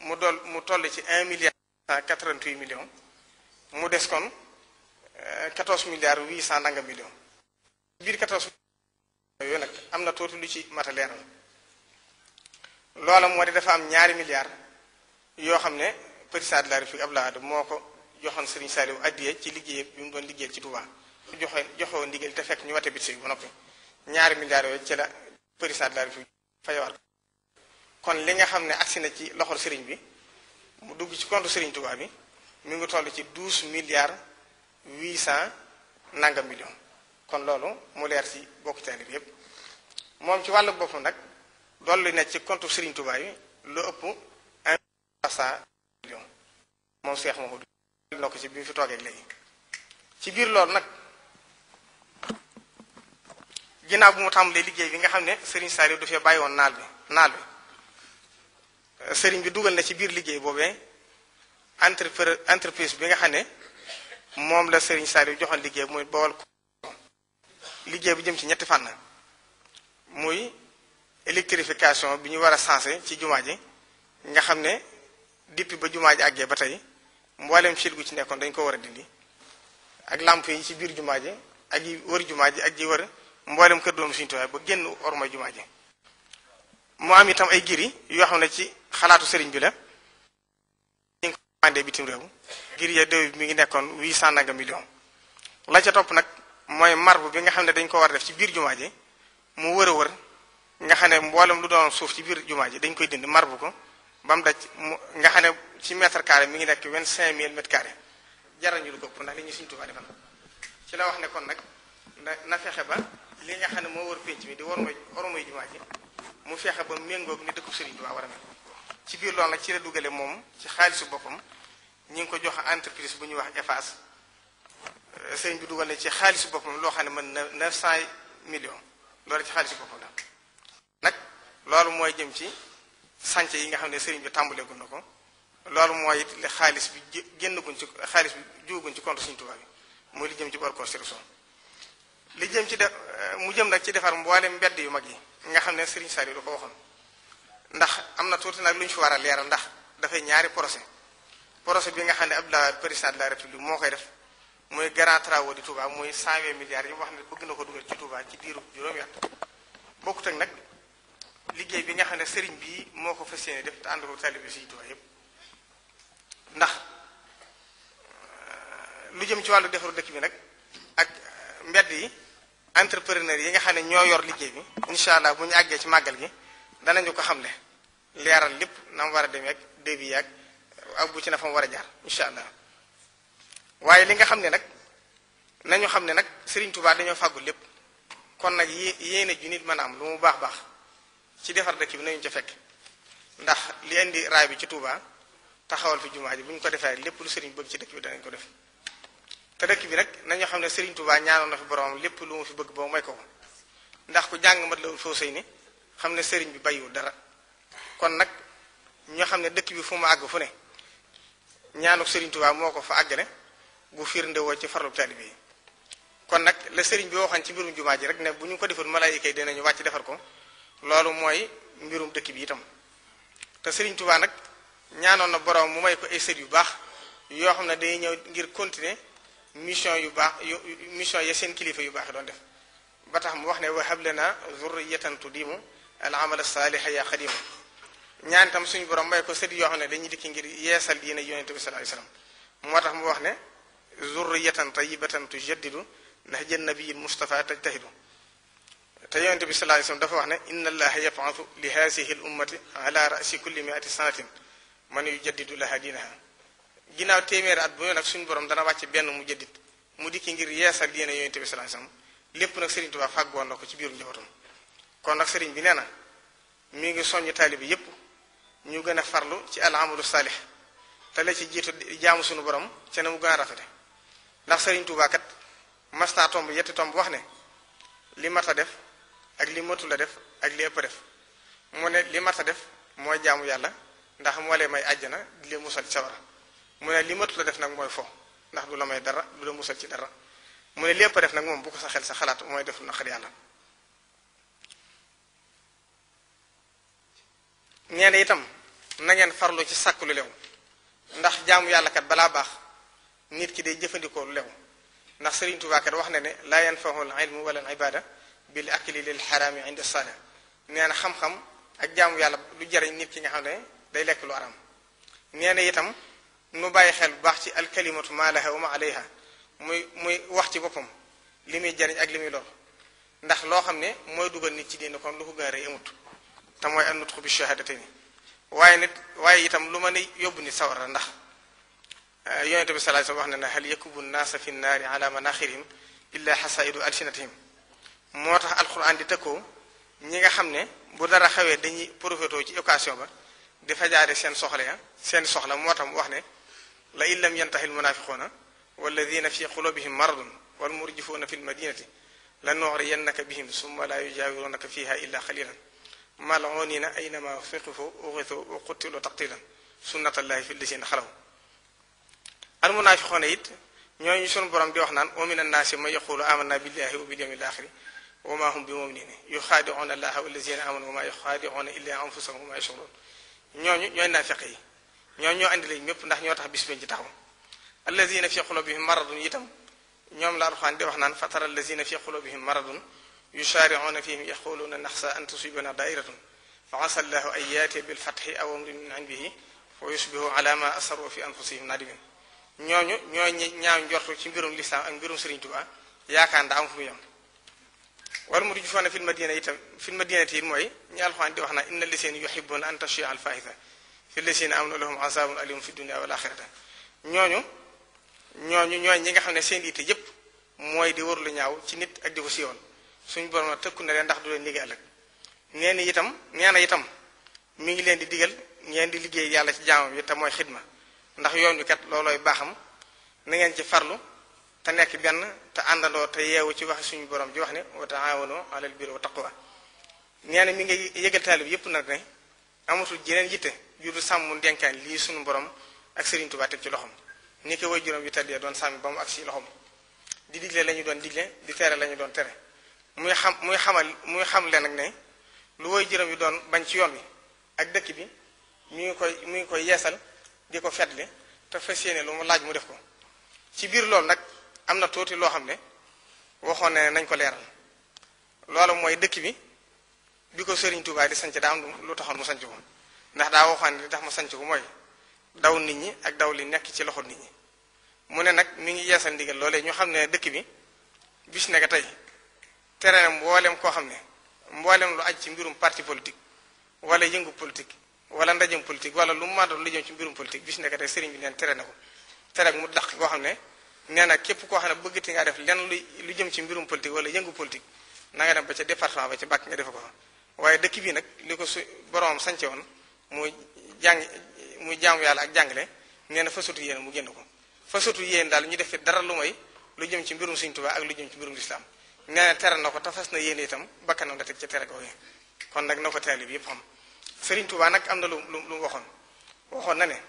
mu dol mu toll ci un milliard cent quatre-vingt-huit mu des kon euh, quatorze milliards huit cent nanga millions biir quatorze yooyu nag am na tuuti lu ci mata leeral loola moo di dafa am ñaari milliards yoo xam ne président de la République Abdoulaye Wade moo ko joxoon Serigne Saliou addiya ci liggéey bi mu doon liggéeyal ci Touba joxe joxoo ndigal te fekk ñu wate bit si ba noppi ñaari milliards yooyu ci la président de la République fayewaat kon li nga xam ne agsi na ci loxol sëriñ bi mu dugg ci compte sëriñ Touba bi mi ngi toll ci douze milliards huit cent nanga million kon loolu mu leer ci bokk taalib yépp moom ci wàllu boppam nag dolli na ci compte sëriñ Touba yi ëpp un million moom seex ma ko ci bi mu fi toogee léegi ci biir loolu nag ginnaaw bu mu tàmbalee liggéey bi nga xam ne sëriñ Saliou dafee bàyyi woon naal bi naal bi sëriñ bi dugal na ci biir liggéey boobee entrepre entreprise bi nga xam ne moom la sëriñ Saliou joxoon liggéey bi muy Baol liggéey jëm ci ñetti fànn muy électrification bi ñu war a sensé ci jumaa ji nga xam ne depuis ba jumaa ji àggee ba tey mboolem fil gu ci nekkoon dañ ko war a dindi ak làmp yi ci biir jumaa ji ak yi wër jumaa ji ak yi wër mboolem kër doomu Sëriñ Tuubaa ba génn orma jumaa ji mu am itam ay giri yoo xam ne ci xalaatu sëriñ bi la ñu ngi ko commandé bitim réew giri ya déw bi mi ngi nekkoon huit cent nanga million la ca topp nag mooy marbre bi nga xam ne dañ ko war a def ci biir jumaa ji mu wër a wër nga xam ne mboolem lu doon suuf ci biir jumaa ji dañ koy dindi marbre ko ba mu nga xam ne ci mètre carré mi ngi nekk vingt cinq mille mètre carré jaral ñu lu gopp ndax li ñu suñ Tuubaa defal ci la wax ne kon nag na fexe ba li nga xam ne moo wër pénc mi di war mooy war mooy jumaa mu fexe ba méngoog ni dëkkub Serigne Touba war a mel ci biir lool nag ci la dugale moom ci xaalisu boppam ñi ngi ko jox entreprise bu ñuy wax EFAS euh, sëriñ bi dugal na ci xaalisu boppam loo xam ne man neuf cent millions loolu ci xaalisu boppam la nag loolu mooy jëm ci sànce yi nga xam ne sëriñ bi tàmbaleegul na ko loolu mooy it li xaalis bi génnaguñ ci xaalis bi juguñ ci compte suñu Tuubaa bi mooy li jëm ci bor construction li jëm ci def euh, mu jëm nag ci defar mboolem mbedd yu mag yi nga xam ne Serigne Saliou da ko waxoon ndax am na tuuti nag lu ñu fi war a leeral ndax dafay ñaari porosé procès bi nga xam ne Abdoulaye président de la république moo koy def muy grand travaux di Touba muy cent vingt milliards yi mu wax ne bëgg na ko dugal ci Touba ci diiru juróomi at bokkut ak nag liggéey bi nga xam ne sëriñ bii moo ko fas yéene def te ànd ko taalibe Sëriñ Touba yëpp ndax euh, lu jëm ci wàllu defaru dëkk bi nag ak euh, mbedd yi entrepreneur yi nga xam ne ñoo yor liggéey bi incha allah bu ñu àggee ci màggal gi danañu ko xam ne leeral lépp na mu war a demee ak débit yaag ak bu ci na fa mu war a jaar incha allah waaye li nga xam ne nag nañu xam ne nag sëriñ Touba dañoo fàggu lépp kon nag yé yéene ju nit mën a am lu mu baax baax ci defar dëkk bi nañu ca fekk ndax li indi raay bi ci Touba taxawal fi jumaa ji bu ñu ko defee lépp lu Serigne bëgg ci dëkk bi danañ ko def. te dëkk bi nag nañoo xam ne Serigne Touba ñaanoon na fi boromam lépp lu mu fi bëgg boobu may ko ko ndax ku jàng mat la woon foo sëy ni xam ne sëriñ bi bayu dara kon nag ñoo xam ne dëkk bi fu mu àgg fu ne ñaanu Serigne Touba moo ko fa àggale gu firnde woo ci farlu taalibe yi kon nag la Serigne bi waxoon ci mbirum jumaa ji rek ne bu ko defoon malaayika yi dinañu wàcc ko loolu mooy mbirum dëkk bi itam te nag ñaanoon na borom mu may ko ay sët yu baax yoo xam ne day ñëw ngir continuer. mission yu baax mission ya seen kilifa yu baax doon def ba tax mu wax ne wahab lana zurriyatan tudimu al amal salih ya khadim ñaan tam suñu borom may ko sët yo xam dañuy dikki ngir yeesal diina yoni tabi sallallahu alayhi wasallam moo tax mu wax ne zurriyatan tayyibatan tujaddidu nahja nabiyi mustafa tajtahidu te yoni tabi sallallahu alayhi wasallam dafa wax ne inna allah yab'athu li hadhihi al ummati ala ra'si kulli mi'ati sanatin man yujaddidu laha diinaha ginnaaw téeméeri at bu yoon nag suñu boroom dana wàcc benn mu jëddit mu dikki ngir yeesal yéene yooyu tamit sallallahu alayhi wasallam lépp nag Serigne Touba fàggoo na ko ci biiru njabootam kon nag sëriñ bi nee na mi ngi soññ taalibe yépp ñu gën a farlu ci al amalu saalih te la ci jiitu jaamu suñu borom te na mu gën a rafete ndax Serigne Touba kat mas tomb yetti tomb wax ne li mat a def ak li matul a def ak li ëpp def mu ne li mat a def mooy jaamu yàlla ndax moo lay may àjjana di leen musal mu ne li ma la def nag mooy fo ndax du la may dara du la musal ci dara mu ne lépp def nag moom bu ko sa xel sa xalaat mooy def lu naqar yàlla nee na itam na ngeen farlu ci sàkk lu lew ndax jaamu yàlla kat balaa baax nit ki day jëfandikoo lu lew ndax Sëriñ Tuubaa kat wax na ne laa yanfahu al ilmu wala al ibada bil akli lil xaraami inda saada nee na xam-xam ak jaamu yàlla lu jariñ nit ki nga xam ne day lekk lu aram nee na itam nu bàyyi xel bu baax ci alkalimatu maa laha wa ma alayha muy muy wax ci boppam li muy jariñ ak li muy lor ndax loo xam ne mooy dugal nit ci diine kon lu ko gën a rëy amut te mooy an nutqu bi ni waaye nit waaye itam lu ma ne yóbbu ni sawara ndax yonente bi sallallahu alayhi wasallam wax na ne hal yakubu nnaasa fi nnaari ala manaxirihim illa xasaidu alsinatihim moo tax alquran di tëkkoo ñi nga xam ne bu dara xawee dañuy profité ci occasion ba di fajaare seen soxla ya seen soxla moo tam wax ne لئن لم ينتهي المنافقون والذين في قلوبهم مرض والمرجفون في المدينة لنغرينك بهم ثم لا يجاورونك فيها إلا قليلا ملعونين أينما ثقفوا أغثوا وقتلوا تقتيلا سنة الله في الذين خلوا المنافقون it ñooñu sun borom di wax naan wa min annaasi man yaqulu amanna billahi wa bil yawmil akhir wa ma hum bi mu'minin yukhadi'una allaha wallazina amanu wa ma yukhadi'una illa anfusahum wa ma yashurun ñooñu ñooy naafeq yi ñoo ñoo andi lañ ñëpp ndax ñoo tax bis ci taxaw allazina fi qulubihim maradun itam ñoom la alquran di wax naan fatara allazina fi qulubihim maradun yusari'una fihim yaquluna naxsa an tusibana da'iratun fa asa allahu an yaatiya bil fathi aw amrin min indihi fa yusbihu ala ma asaru fi anfusihim nadimin ñooñu ñoo ñaaw njortu ci mbirum lislaam ak mbirum Sëriñ Tuubaa yaakaar nda am fu mu yem wal murjifuuna fil madina itam fil madinati mooy ñi alquran di wax naan inna liseen yuhibbuna an tashia al faahisa fi am amanu lahum azaabun aliimun fi dunya a aaxirati ñooñu ñooñu ñooy ñi nga xam ne seen yitte yëpp mooy di wër lu ñaaw ci nit ak di ko siiwal suñu borom tëkku na leen ndax du leen liggéey ëllëg nee itam nee itam mi ngi leen di digal ngeen di liggéey yàlla ci jaamam yi te mooy xidma ndax yoon wi kat loolooy baaxam na ngeen ci farlu te nekk benn te àndandoo te yeewu ci wax suñu borom ji wax ne wa taawanu alal birri wa taqwa nee na mi ngi yëgal yëpp nag ne amatul jeneen yitte juddu sàmm ndenkaan lii suñu borom ak Serigne Touba ci loxom ni ko way juróom yu tedd doon sàmmi ba mu ak si loxom di digle la ñu doon digle di tere lañuy doon tere muy xam muy xamal muy xam leen nag ne lu way juróom yu doon bañ ci yoon bi ak dëkk bi mi ngi koy mu ngi koy yeesal di ko fetli te fas yéene lu mu laaj mu def ko ci biir loolu nag am na tuuti loo xam ne waxoon ne nañ ko leeral loolu mooy dëkk bi bi ko Serigne Touba di sanc daa am lu taxoon mu sanc ko ndax daa waxoon li tax mu sanc ko mooy daw nit ñi ak daw li nekk ci loxo nit ñi mu ne nag mu ngi yeesal ndigal loolee ñu xam ne dëkk bi bis ne tey tere na mboolem koo xam ne mboolem lu ci mbirum parti politique wala yëngu politique wala ndajem politique wala lu mu mën doon lu jëm ci mbirum politique bis ne tey sëriñ bi neen tere na ko tere mu dàq koo xam ne nee na képp koo xam ne bëggati ngaa def lenn lu jëm ci mbirum politique wala yëngu politique na nga dem ba ca département ba ci Mbàkke nga defe ko waaye dëkk bii nag li ko su boromam sance woon muy jàng muy jaamu yàlla ak jàngale nee na fasatu yéen mu génn ko fasatu yéen daal ñu def fi dara lu may lu jëm ci mbirum Sëriñ Tuubaa ak lu jëm ci mbirum lislaam nee na tere na ko te fas na bakkanam la teg ci tere kon nag na ko teel bi yëpp xam Sëriñ Tuubaa nag am na lu lu waxoon waxoon na ne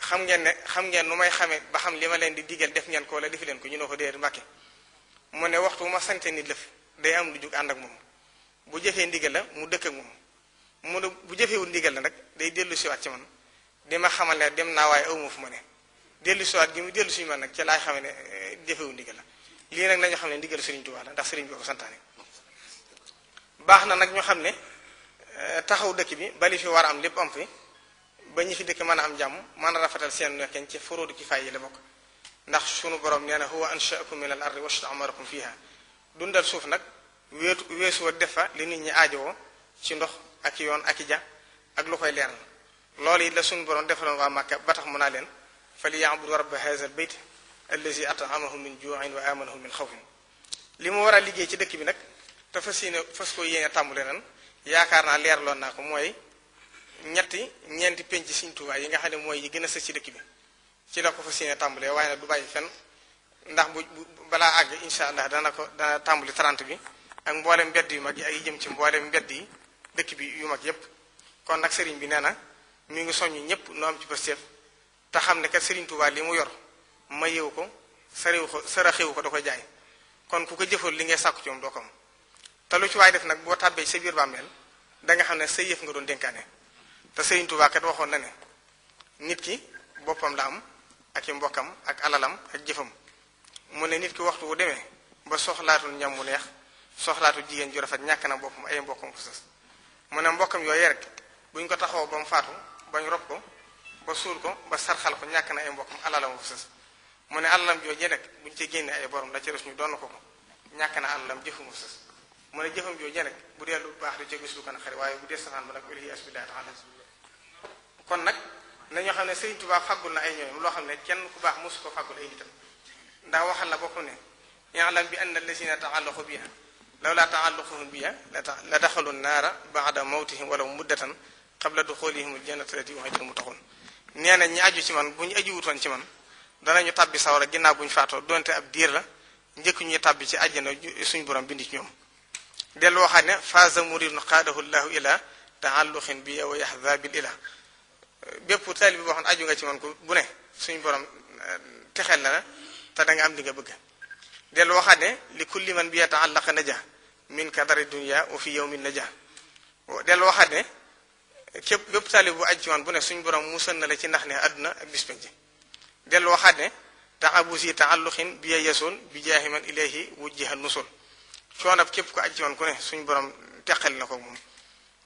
xam ngeen ne xam ngeen nu may xamee ba xam li ma leen di diggal def ngeen ko wala defi leen ko ñu ne ko déedéet mbàkke mu ne waxtu ma sante nit lëf day am lu jug ànd ak moom bu jëfee ndigal la mu dëkk ak moom mu ne bu jëfewul ndigal la nag day dellu siwaat ci man di ma xamal ne dem naa waaye awma fu ma ne dellu siwaat gi mu dellu suñu man nag ci laay xamee ne eh, jëfewul ndigal la lii nag nañu xam ne ndigal Sëriñ Tuubaa la ndax sëriñ bi ko santaane baax na nag ñu xam ne eh, taxaw dëkk bi bali fi war am lépp am fi ba ñu fi dëkk mën a am jàmm mën a rafetal seen nekkin ci furuudu kifaaya yi la bokk ndax sunu borom nee na huwa anshaakum min al ardi wasta'marakum fiha dundal suuf nag weetu weesuwa def fa li nit ñi aajowoo ci ndox ak yoon ak i ja ak lu koy leer leeral loolu it la suñ borom defaloon waa Màkka ba tax mun naa leen falyabudu rabba haazal bayt allazi at'amahum min ju'in wa amanahum min xawfin li mu war a liggéey ci dëkk bi nag te fas yéene fas ko yéene tàmbale ren yaakaar naa leerloon naa ko mooy ñetti ñeenti penc Sëriñ Tuubaa yi nga xam ne mooy yi gën a sës ci dëkk bi ci la ko fas yéene tàmbalee waaye nag du bàyyi fenn ndax bu balaa àgg incha allah dana ko dana tàmbali 30 bi ak mboolem mbedd yu mag yi ak jëm ci mboole mbedd yi dëkk bi yu mag yépp kon nag sëriñ bi nee na mi ngi soññ ñëpp nu am ci pësteef te xam ne kat sëriñ Tuubaa li mu yor mayewu ko sarewu ko saraxewu ko da ko jaay kon ku ko jëfal li ngay sàkku ci moom doo ko am te lu ci waay def nag boo tàbbee sa biir bàmmeel da xam ne sa yëf nga doon dénkaane te sëriñ Tuubaa kat waxoon na ne nit ki boppam la am ak i mbokkam ak alalam ak jëfam mu ne nit ki waxtu wu ba soxlaatul ñam mu soxlaatu jigéen ju rafet ñàkk na boppam ay mbokkam ko mu ne mbokkam yooyu rek buñ ko taxaw ba mu faatu bañ rob ko ba suul ko ba sarxal ko ñàkk na ay mbokkam alalam ko sës mu ne alalam joojee nag buñ ci génne ay borom da ci rus ñu doon ko ko ñàkk na alalam jëfam ko sës mu ne jëfam joojee nag bu dee lu baax du ci gis lu ko naqari waaye bu dee safaan ba nag wali asbillahi taala kon nag nañoo xam ne Sëriñ Tuubaa faggul na ay ñooñam loo xam ne kenn ku baax mosu ko faggul ay nitam ndax waxal na boppam ne ya'lam bi tax allazina ta'allaqu biha لولا تعلقهم بها لدخلوا النار بعد موتهم ولو مدة قبل دخولهم الجنة التي وعد المتقون نيانا ني اديو سي مان بوني اديو وتون سي مان دا نيو تابي ساورا غينا بوني فاتو دونتي اب دير نديكو ني تابي سي ادينا سوني بروم بيندي سي نيوم ديل وخاني فاز مرير نقاده الله الى تعلق بي او يحذاب الاله بيب طالب بوخن اديو غا سي مان كو بوني سوني بروم تخيل لا تا داغا ام ليغا بوغ del waxaat ne li kulli man bi yataallaqa naja min kadari dunya wa fi yawmin naja del waxaat ne képp bépp taalib bu aj ci man bu ne suñ borom musal na la ci ndax ne àdduna ak bis penc del waxaat ne taabusi taalluqin bi yasun bi jaahi man ilayhi wujjiha nusul coonab képp ko aj ci man ku ne suñ borom teqal na ko moom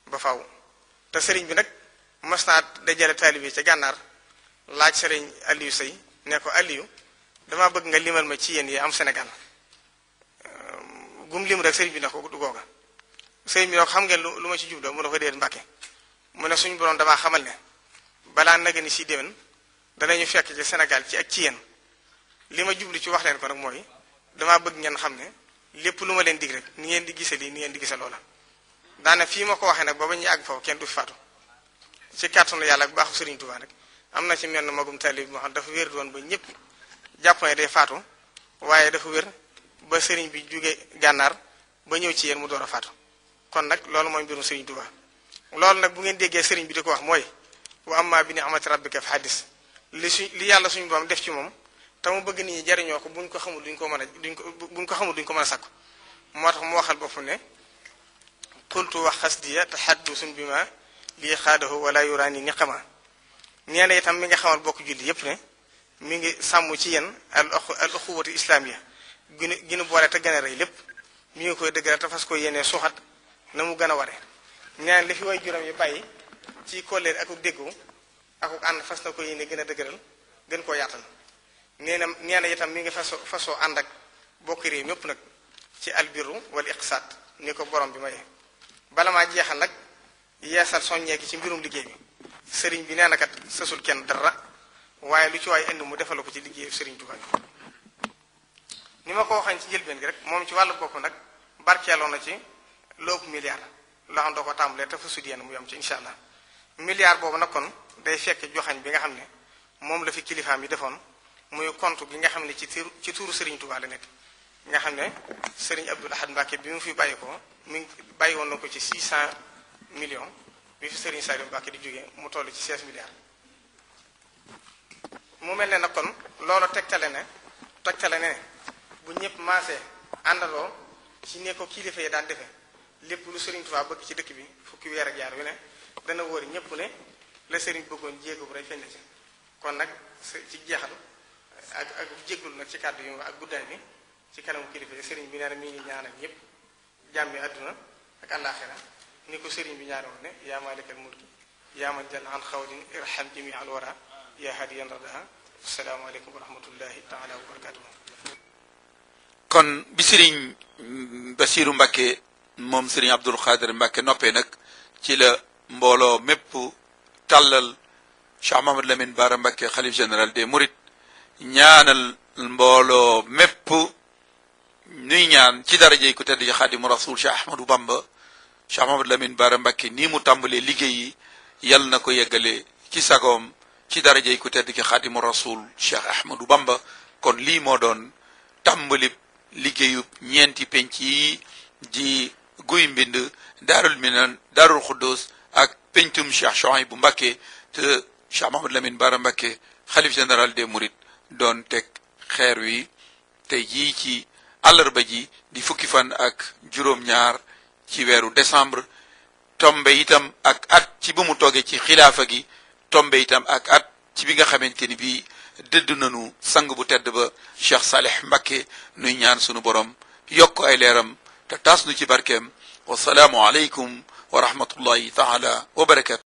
ba faaw te sëriñ bi nag mas naa dajale taalib yi ca gànnaar laaj sëriñ Aliou Sey ne ko Aliou dama bëgg nga limal ma ci yéen yi am Sénégal gum lim rek sëriñ bi ne ko du googa sëriñ bi ne ko xam ngeen lu ma ci jubloo mu ne ko déet mbàkke mu ne suñu borom damaa xamal ne balaa nag ni si déwén danañu fekk ci Sénégal ci ak ci yéen li ma jublu ci wax leen ko nag mooy damaa bëgg ngeen xam ne lépp lu ma leen dig rek ni ngeen di gise lii ni ngeen di gise loola daana fii ma ko waxee nag ba ba ñuy àgg foofu kenn du fi faatu ci kàttanu yàlla bu baaxu sëriñ Tuubaa rek am na ci mel magum taalib moo xam dafa wér doon ba ñëpp jàppone day faatu waaye dafa wér ba sëriñ bi jóge gànnaar ba ñëw ci yéen mu door a faatu kon nag loolu mooy mbirum sëriñ Tuubaa loolu nag bu ngeen déggee sëriñ bi di ko wax mooy wa amma bi ni'mati rabbika fa hadis li su li yàlla suñu borom def ci moom te mu bëgg nit ñi jariñoo ko buñ ko xamul duñ ko mën a duñ ko buñ ko xamul duñ ko mën a sakku moo tax mu waxal boppam ne qultu wax xasdiya tahaddusun bi ma lii xaadahu wala yuraani niqama nee na itam mi nga xamal bokk julli yépp ne mi ngi sàmm ci yenn al al uxuwatu islaamiya ginu ginu boole te gën a rëy lépp mi ngi koy dëggal te fas ko yéenee suuxat na mu gën a ware ñaan li fi way juróom yi bàyyi ci kóllëre akuk déggu akuk ànd fas na ko yéene gën a dëgëral gën koo yaatal nee na itam mi ngi faso fasoo ànd ak bokk réew ñëpp nag ci albiru wala iqsaad ni ko borom bi mayee bala maa jeexal nag yeesal soññee gi ci mbirum liggéey bi sëriñ bi nee na kat sësul kenn dara waaye lu ci waay indi mu defal ko ci liggéey Serigne Touba ni ma ko waxee ci njëlbeen gi rek moom ci wàllu bopp nag barkeeloon na ci lóob milliard loo xam doo ko tàmbalee te fa su dee mu yom ci incha allah milliard boobu nag kon day fekk joxañ bi nga xam ne moom la fi kilifaam yi defoon muy compte bi nga xam ne ci ci tuuru Serigne Touba la nekk. nga xam ne Serigne Abdoul Ahad Mbacké bi mu fi bàyyi ko mu ngi bàyyi woon na ko ci 600 million bi fi Serigne Saliou di jógee mu toll ci 16 milliards. mu mel ne na kon loolu tegtale ne tegtale ne bu ñëpp maase àndaloo ci ne ko kilifa yi daan defe lépp lu sëriñ Touba bëgg ci dëkk bi fukki weer ak jaar yu ne dana wóor ñëpp ne la Serigne bëggoon jéego bu ci kon nag ci jeexal ak ak jéggul nag ci kàddu yi ak guddaay bi ci kanamu kilifa yi Serigne bi nee na mi ngi ñaanal ñëpp jàmmi àdduna ak àllaaxira ni ko Serigne bi ñaanoon ne yaa maalikal mulki yaa man jal an xawlin irham jami al wara يا هادي ينردها السلام عليكم ورحمة الله تعالى وبركاته كن بسرين بسير مبكي موم سرين عبد القادر مبكي نوبينك تيلا مبولو ميبو تلل شعب محمد لمن بار مبكي خليف جنرال دي مريد نيان المبولو ميبو نيان تي درجة يكوتي دي خادم رسول شعب محمد بامبا شعب محمد لمن بار مبكي نيمو تامبلي لغي يلنكو يغلي كي ساقوم ci darajey ku tedd ki xaatimu rasul Cheikh Ahmadou Bamba kon lii moo doon tàmbalib liggéeyub ñeenti penc yi di guy mbind daarul minan daarul xuddus ak pencum Cheikh Chouaïb bu Mbacké te Cheikh Mahamadou Lamine Bara Mbacké xalif général de mourides doon teg xeer wi tey jii ci àllarba ji di fukki fan ak juróom-ñaar ci weeru décembre tombe itam ak at ci bu mu ci xilaafa gi tombe itam ak at ci bi nga xamanteni bi dëdd nañu sang bu tedd ba Cheikh Salih Mbacké nuy ñaan sunu borom yokk ay leeram te taas nu ci barkeem wasalaamu alaykum wa rahmatullahi taala wa barakatu